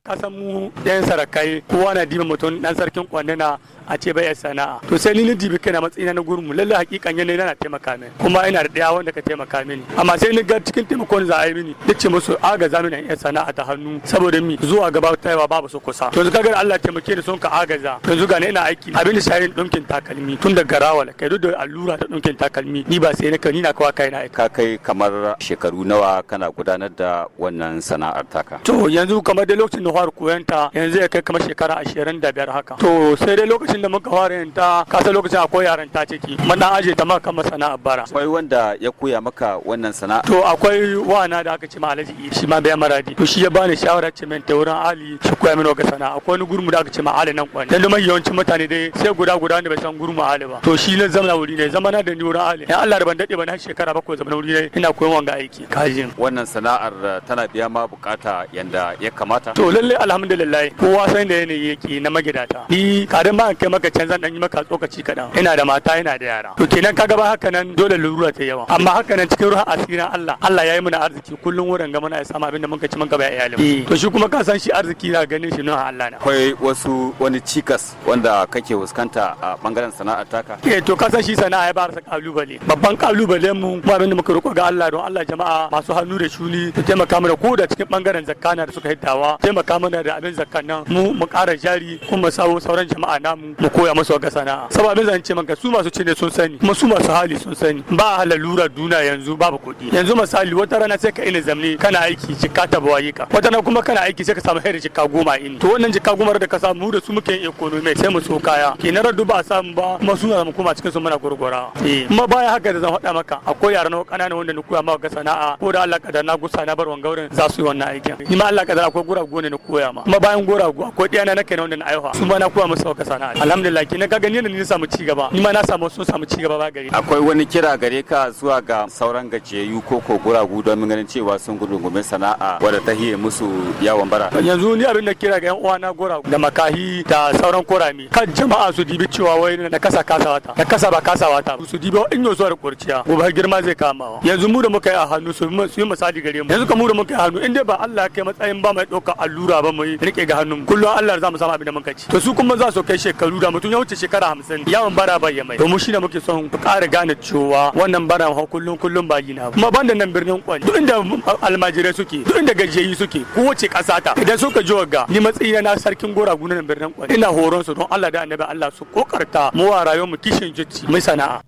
kasan mu ɗan sarakai kowa na dima mutum dan sarkin kwanina a ce bai sana'a to sai ni ni dibi kana matsayina na gurmu lalle hakikan yana yana taimaka min kuma ina da ɗaya wanda ka taimaka mini amma sai ni ga cikin taimakon za a yi mini duk ce musu agaza mini yan sana'a ta hannu saboda mi zuwa gaba yawa babu su kusa yanzu kaga Allah taimake ni sun ka agaza yanzu ga ina aiki abin da shayin dunkin takalmi tun da garawa kai duk da allura ta dunkin takalmi ni ba sai na ni na kawa kai na ka kai kamar shekaru nawa kana gudanar da wannan sana'ar taka to yanzu kamar da lokacin fara koyon ta yanzu ya kai kamar shekara ashirin da biyar haka to sai dai lokacin da muka fara yin ta kasa lokacin akwai yaran ta ciki mun dan aje ta maka kamar sana'a bara akwai wanda ya koya maka wannan sana'a to akwai wana da aka ce ma Alhaji shi ma bai maradi to shi ya bani shawara ce min ta wurin Ali shi koya min ga sana'a akwai wani gurmu da aka ce ma Ali nan kwani dan da mai yawancin mutane dai sai guda guda ne bai san gurmu Ali ba to shi na zama wuri ne zama na da ni wurin Ali in Allah da ban dade ba na shekara bakwai zama wuri ne ina koyon wanga aiki kajin wannan sana'ar tana biya ma bukata yanda ya kamata to lalle lalle alhamdulillah kowa san da yanayi yake na magidata ni karin ba kai maka can zan dan yi maka tsokaci kadan ina da mata ina da yara to kenan kaga ba haka nan dole lura ta yawa amma haka nan cikin ruhan asirin Allah Allah ya yi mana arziki kullum wurin ga muna ya samu abin da ka ci mun bai iyali eh. to shi kuma ka san shi arziki na ganin shi nuna Allah na akwai wasu wani cikas wanda kake fuskanta a bangaren sana'a taka eh to ka san shi sana'a ya ba sa kalubale babban kalubale mu kuma abin da muka roƙo ga Allah don Allah jama'a masu hannu da shuni su taimaka mana ko da cikin bangaren zakana da suka hiddawa taimaka taimaka mana da abin zakkan nan mu mu ƙara jari kuma sawo sauran jama'a namu mu koya musu ga sana'a saboda abin zance maka su masu cin ne sun sani kuma su masu hali sun sani ba halalura duna yanzu babu kuɗi yanzu misali wata rana sai ka ina zamne kana aiki cika ta bawaye ka wata rana kuma kana aiki sai ka samu hairi cika goma in to wannan jikka goma da ka samu da su muke economy sai mu so kaya kenan raddu ba a samu ba kuma su mu kuma cikin su muna gurgura eh, kuma baya haka da zan faɗa maka akwai yaran nawa ƙanana wanda ni koya ga sana'a ko da Allah kadar na gusa na bar wangaurin za su yi wannan aikin ni ma Allah kadar akwai gura gone na koya ma kuma bayan gora guwa ko ɗaya na kai wanda na aihuwa su ma na koya masa hauka sana'a alhamdulillah na ka gani ne samu ci gaba ni ma na samu sun samu ci gaba ba gari akwai wani kira gare ka zuwa ga sauran gajiyayyu ko ko gora guragu don ganin cewa sun gudungumin sana'a wadda ta hiye musu yawon bara yanzu ni abin da kira ga yan uwa na guragu da makahi da sauran korami kan jama'a su dibi cewa wai na kasa kasa wata na kasa ba kasa wata su dibi in yau zuwa kurciya gobe girma zai kama yanzu mu da muka yi a hannu su yi misali gare mu yanzu ka mu da muka yi a hannu in dai ba Allah ya kai matsayin ba mai ɗaukar allu tura ba mu rike ga hannun kullum Allah za mu samu abin da mun ci to su kuma za su kai shekaru da mutun ya wuce shekara 50 ya yawan bara bai ya mai to mu shine muke son ku ƙara gane cewa wannan bara ha kullum kullum ba gina kuma banda nan birnin kwani duk inda almajirai suke duk inda gajiyayi suke kowace ƙasa ta idan suka ji wagga ni matsayi na sarkin gora gunan birnin kwani ina horon su don Allah da annabi Allah su kokarta mu wa rayuwar mu kishin jicci mai sana'a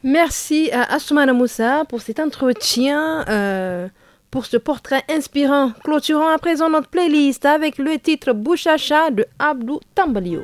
Merci à Asumana Moussa pour cet entretien. Euh pour ce portrait inspirant, clôturons à présent notre playlist avec le titre Bouchacha de Abdou Tambalio.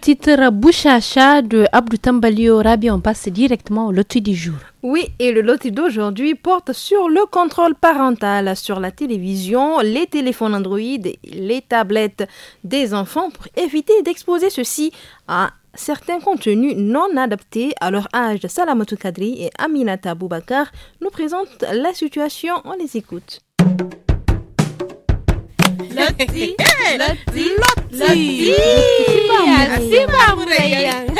titre Bouchacha de Abdou Tambalio Rabi, on passe directement au loti du jour. Oui, et le loti d'aujourd'hui porte sur le contrôle parental sur la télévision, les téléphones Android, les tablettes des enfants pour éviter d'exposer ceux-ci à certains contenus non adaptés à leur âge. Salamatou Kadri et Aminata Boubacar nous présentent la situation, on les écoute. <laughs> Lotti, Lotti, Lotti. Así vamos, Rayyan. <laughs>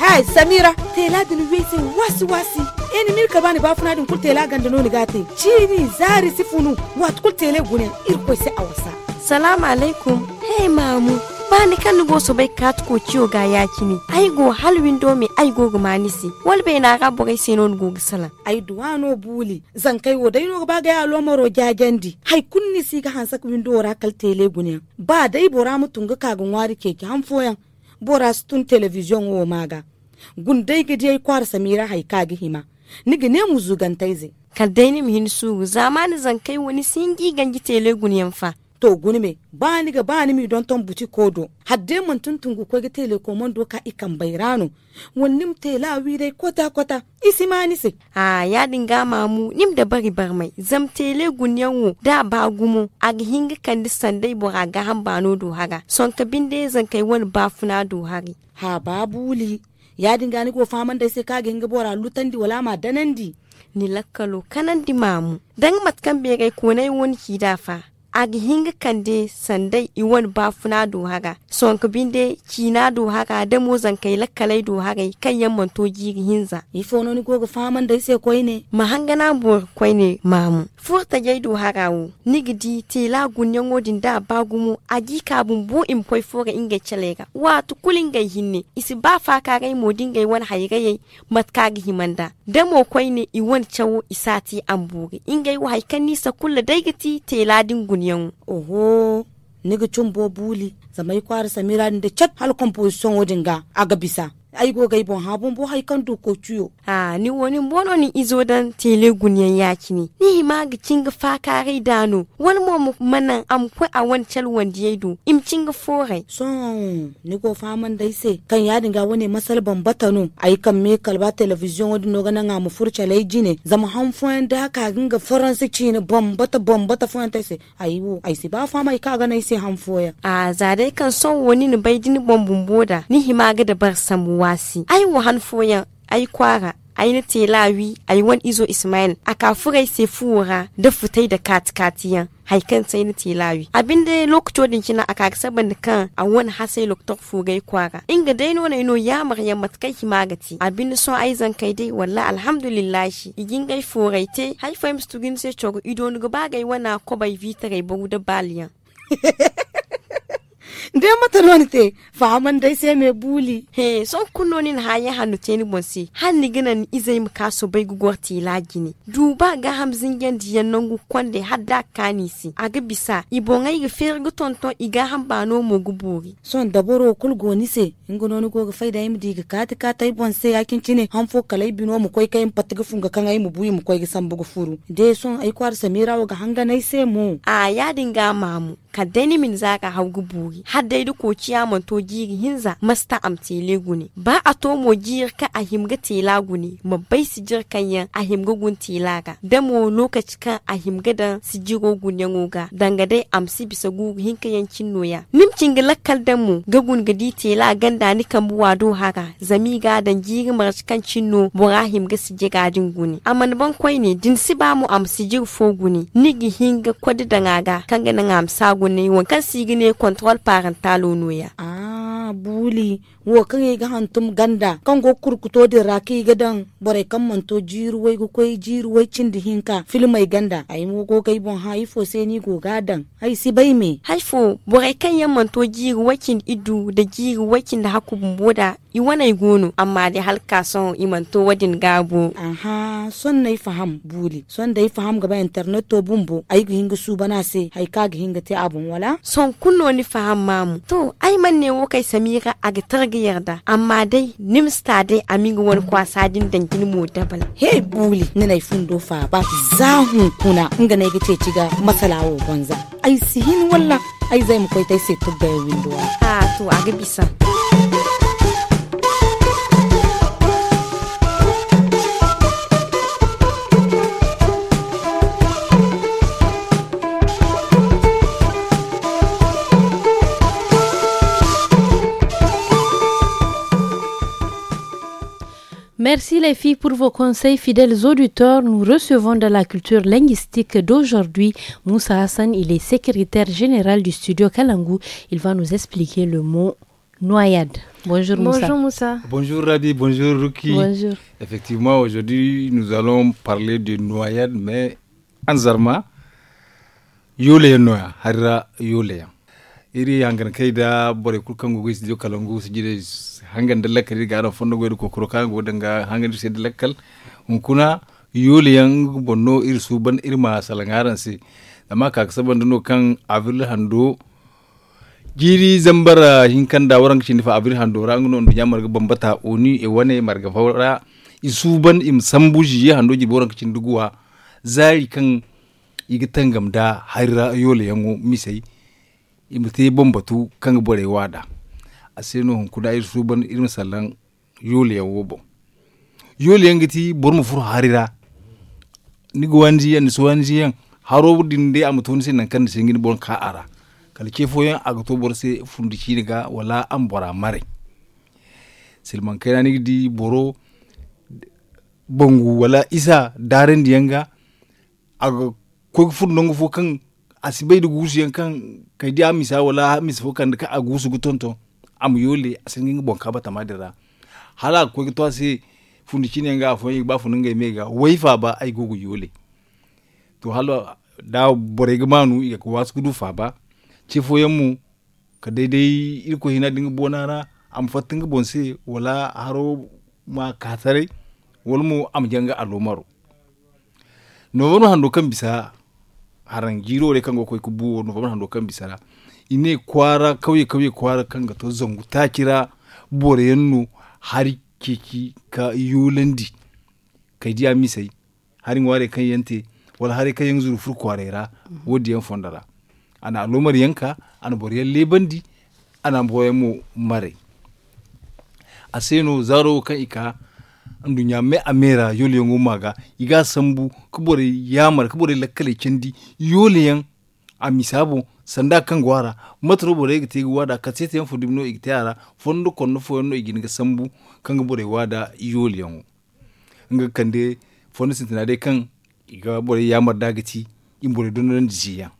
Hai, Samira, tela da nubetin wasu-wasi. eni mirka bani ba funadin kul tela ganda noni gate. Chini zari sifunu, wat kul tele gunen irkwese awasa. Salamu alaikum. Hey, mamu. bani nugo so bai ko ciwo ga yakini aigo halwindo me aigo wal walbe na ga bogai senon go gisala ai no buli zan kai wo dai no ba ga ya lomaro jajandi hai kunni si ga hansa windo ra kal tele gune ba dai bora ka kagun wari keke hanfoyan bora stun television wo maga gun dai ga dai kwar samira hai ga hima nigi ne mu kal kadai ni hin su zamani zan kai wani singi gangi tele guniyan fa to gunme bani ga bani mi don ton buti kodo hadde man tuntungu ko ga do ka ikan bairano wannim tela dai kota kota isi mani se ha ya dinga mamu nim da bari bar mai zam tele gunyanwo da ba gumo a ga hinga kan sandai bora ga han do haga son ka binde zan kai wani funa do hari ha babuli ya dinga ni ko faman dai se ka ga hinga bora lutandi wala ma danandi ni lakkalo kanandi mamu dan matkan be kai ko nai wani hidafa ag hinga kande sandai iwan bafuna do haga sonka binde kina do haga da mo kai lakkalai do haga kan yamman to giri hinza ifo no ni goga faman da sai koi ne ma na bo koi ne mamu furta jai do haga wo nigidi ti la gunyan wodin da bagumu agi bun bu in poi foga inga chalega wa to kulin gai hinne isi ba fa ka gai modin gai wan hayi gai ka gi himanda da mo koi ne iwan chawo isati ambuge ingai wa haikan sa kullu daigati te ladin union oho niga chumbo buli zamai kwar samira da chat hal composition odinga aga bisa ai go gai bon ha bon bo hay kan do ko tuyo ha ni woni bono ni izo dan tele gunyan yaki ni ni ma ga cinga fa kare dano wal mo manan am ko a wan chal wan diedo im cinga fore so ni ko fa man dai se kan ya dinga wani masal ban batano ai kan me kalba television wodi no ga nan am furcha lai jine zama han da ka ginga faransi ci ni ban bata ban bata fuan tai se ai wo se ba fa mai ka ga nai se han foya a zare kan son wani ni bai dini bon bumboda ni hima ga da bar samu wasi ai mu han ai kwara ai na telawi ai wan izo ismail aka furai sai fura da futai da katikatiyan haikan sai na tilawi abin da lokacin din kina aka saban da kan a wani hasai lokacin fugai kwara inga dai nuna ino ya maryam matkai himagati abin so ai zan kai dai wallahi alhamdulillah shi igin gai furai te haifai mustugin sai chogo ido go bagai wana ko bai vitare ba da baliyan <laughs> be mata no te faman dai sai me buli he son kunno nin haya hanu teni ni bonsi hanni gina ni izai muka so bai gugo gini. duba ga hamzin yan diyan nan kwande hadda kanisi aga bisa ibongai ga fergu tonto iga bano mo guburi son daboro kulgo ni se ngono ni go faida yim diga kata kata ibon se yakin cine hanfo kalai bino mu koi kai patga funga kan ai mu buyi mu koi ga bugu furu de son ai kwar samira ga hanga nai se mu a ya dinga mamu ka deni min za ka hau guburi har dai kociya man manto giri hinza masta am tele gune ba a tomo giri ka a himga tela gune ma bai si jir kanyan a himga gun tela ga damo lokaci kan a himga da si jiro ngoga danga dai am si bisa guri hinka yancin noya nimcin ga lakkal mo ga gun gadi tela ganda ni kan buwa do haka zami ga dan giri mara kan cinno bora himga si jigadin gune aman ban kwai ne din si ba mu am si jir fo gune nigi hinga kwadi dangaga kan ga nan am sa gune wankan ne control parental noya ah buli wo kan ga hantum ganda kan go kurkuto da raki gadan bore kan manto wai go koi wai cin da hinka filmai ganda ai mo go kai bon fo sai ni go gadan ai si bai me haifo bore kan yan manto jiruwai cin idu da jiruwai cin da hakubun boda i wana i gunu amma da halka son i manto wadin aha son na faham buli son da faham gaba internet to bumbo ai ga hinga su bana se haika ka ga hinga te abun wala son kunno ni faham mamu to ai man ne wo kai samira a ga targa yarda amma dai nimsta dai amiga wani kwasa din dangin mu dabal he buli ni na fundo fa ba zahun kuna inga na yi ce ciga masalawo banza ai sihin walla ai zai mu kai ta sai tubbe windo a to a ga bisa Merci les filles pour vos conseils fidèles auditeurs. Nous recevons dans la culture linguistique d'aujourd'hui Moussa Hassan. Il est secrétaire général du studio Kalangu. Il va nous expliquer le mot noyade. Bonjour, bonjour Moussa. Bonjour Rabi, bonjour Ruki. Bonjour. Effectivement, aujourd'hui nous allons parler de noyade, mais en zarma, yule noya, harira yule. Iri Kalangu hangan dallakari ga ara fonno goyde ko krokan godan ga hangan se dallakal un kuna yuli yang bonno ir suban irma salangaran si amma kaka saban dano kan avril hando jiri zambara hinkan da waran shi nifa avril hando ra ngno ndu nyamar bambata oni e wane marga fawra isuban im sambuji ya hando jibo ran kicin duguwa zari kan igitan gamda harira yole yango misai imte bombatu kan borewa da a seno hun kuda ir suban sallan misalan yoliya wobo yoliya giti bor mu fur harira ni gwanji yan suwanji yan haro din de am tun sinan kan singin bon ka ara kal ke fo yan aga to bor se fundici daga wala an bora mare silman kaina ni di boro bangu wala isa daren diyanga aga ko fur ndongo fo kan bai da gusu yan kan kai di amisa wala hamisa fo kan ka a gusu gutonton amuyole asin ngi bon kaba tamadira hala ko to si fundi chine nga fo ba funu nga mega waifa ba ai gugu yole to halo da bore ya ko wasu gudu fa ba fo yemu ka daidai irko hina dinga bonara am fatinga bonse wala haro ma katare wolmu am janga alomaru no wono hando kan bisa haran jiro re kango koy kubu no wono hando kan bisara ine kwara kauye kauye kwara kanga to zangu ta kira bore yannu har kiki ka yulandi kai diya misai harin ware kan yante wala har kan yanzu rufur kwarera wodi yan fondara ana alomar yanka ana boriyar lebandi ana boye mu mare a seno zaro kan ika dunya me amera yole yango maga iga sambu kubore yamar kubore lakale kendi yole yang a misabu sanda kan gwara matro bore ga tegi wada ka tete yan fudim no igtara fondo kon no fondo igin ga sambu kan ga bore wada yoli yan nga kande fondo sintina de kan ga bore ya marda ga ci in bore don don jiya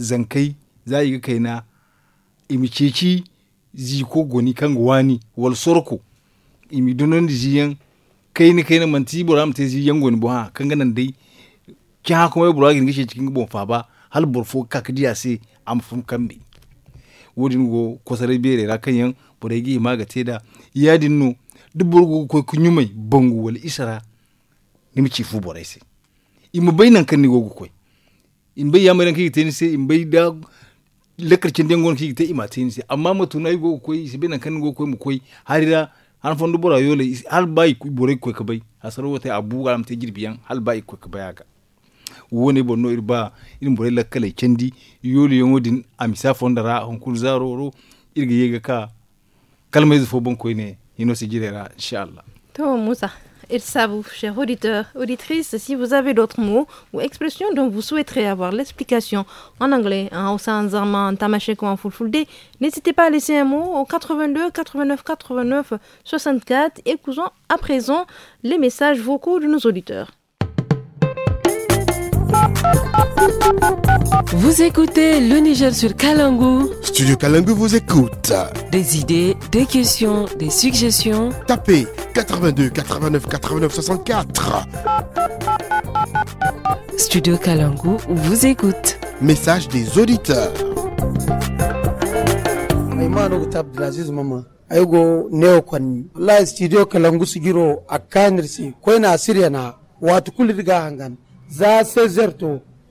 Zan kai, za yi ga kaina imiceci ji ko goni kan gwani wal sorko imi don don jiyan kai ni kai na manti bora te ji yan goni bo ha kan ga nan dai kya kuma bora gishi cikin bon fa ba hal burfo kakdiya se am fum kambe wodin go kosare bere ra kanyan buregi maga teda yadin no duburgo ko kunyumai bangu wal isara ci fu se imma bayinan kan ni go ko in bai yamaran k'i tenise in bai da lakarcin dengon ki te ima tin se amma mutu nay go koi si bena kan go koi mu koi harira har fondu bora yole hal bay ku bore koi ka bai asaro wata abu garam te girbiyan hal bay koi ka bai aga woni ça vous, si chers auditeurs, auditrices, si vous avez d'autres mots ou expressions dont vous souhaiterez avoir l'explication en anglais, en en n'hésitez pas à laisser un mot au 82 89 89 64 et cousons à présent les messages vocaux de nos auditeurs. Vous écoutez le Niger sur Kalangu. Studio Kalangu vous écoute. Des idées, des questions, des suggestions. Tapez 82 89 89 64. Studio Kalangu vous écoute. Message des auditeurs. neo studio kalangu za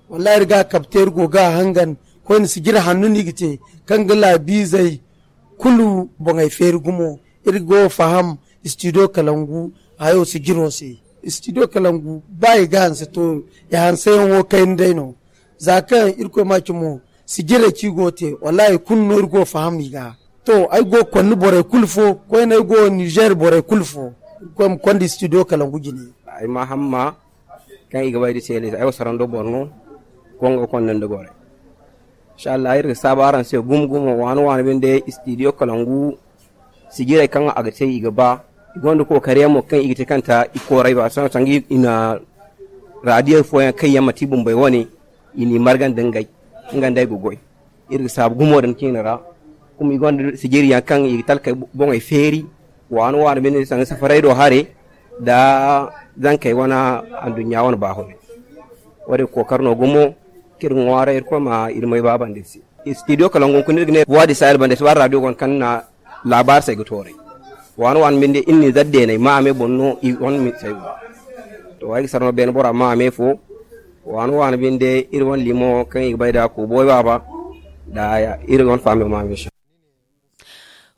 wallahi riga kapter goga hangan ko ni sigir hannu ni gite kan gala bizai kulu bongai fer gumo irgo faham studio kalangu ayo sigiro se studio kalangu bai ga hansa to ya hansa yan wo kai ndai no zakan irko maki mo sigire ci gote wallahi kunno irgo faham ga to ai go konni bore kulfo ko ina go niger bore kulfo ko kondi studio kalangu gine ai mahamma kan igaba di sele ai wasaran do borno gonga kon nan dogore inshallah ayir sabaran sai gum gum wani wani bin da studio kalangu sigire kan agate iga ba gondo ko kare mo kan igite kanta ikorai ba san sangi ina radio foyan kai yamma tibun bai wani ini margan dangai ngan dai gogoi ir sab gumo dan kinara kuma igon sigiri kan igital kai bon ai feri wan wan bin san safarai do hare da zan kai wana an dunya wan ba ho wade kokarno gumo kir ngwara ir koma ir mai baban desi studio kalongon kunir gne wadi sahel bandes war radio gon na labar sai gutore wan wan minde inni zadde nay maame bonno i on mi sai to wai sarno ben bora maame fo wan wan minde ir won limo kan i bayda ko boy baba da ir won fami maame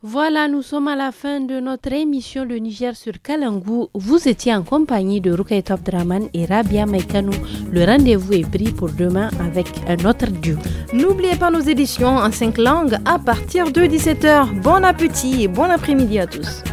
Voilà, nous sommes à la fin de notre émission Le Niger sur Kalangou. Vous étiez en compagnie de Rukai Top Draman et Rabia Mekanou. Le rendez-vous est pris pour demain avec un autre duo. N'oubliez pas nos éditions en cinq langues à partir de 17h. Bon appétit et bon après-midi à tous.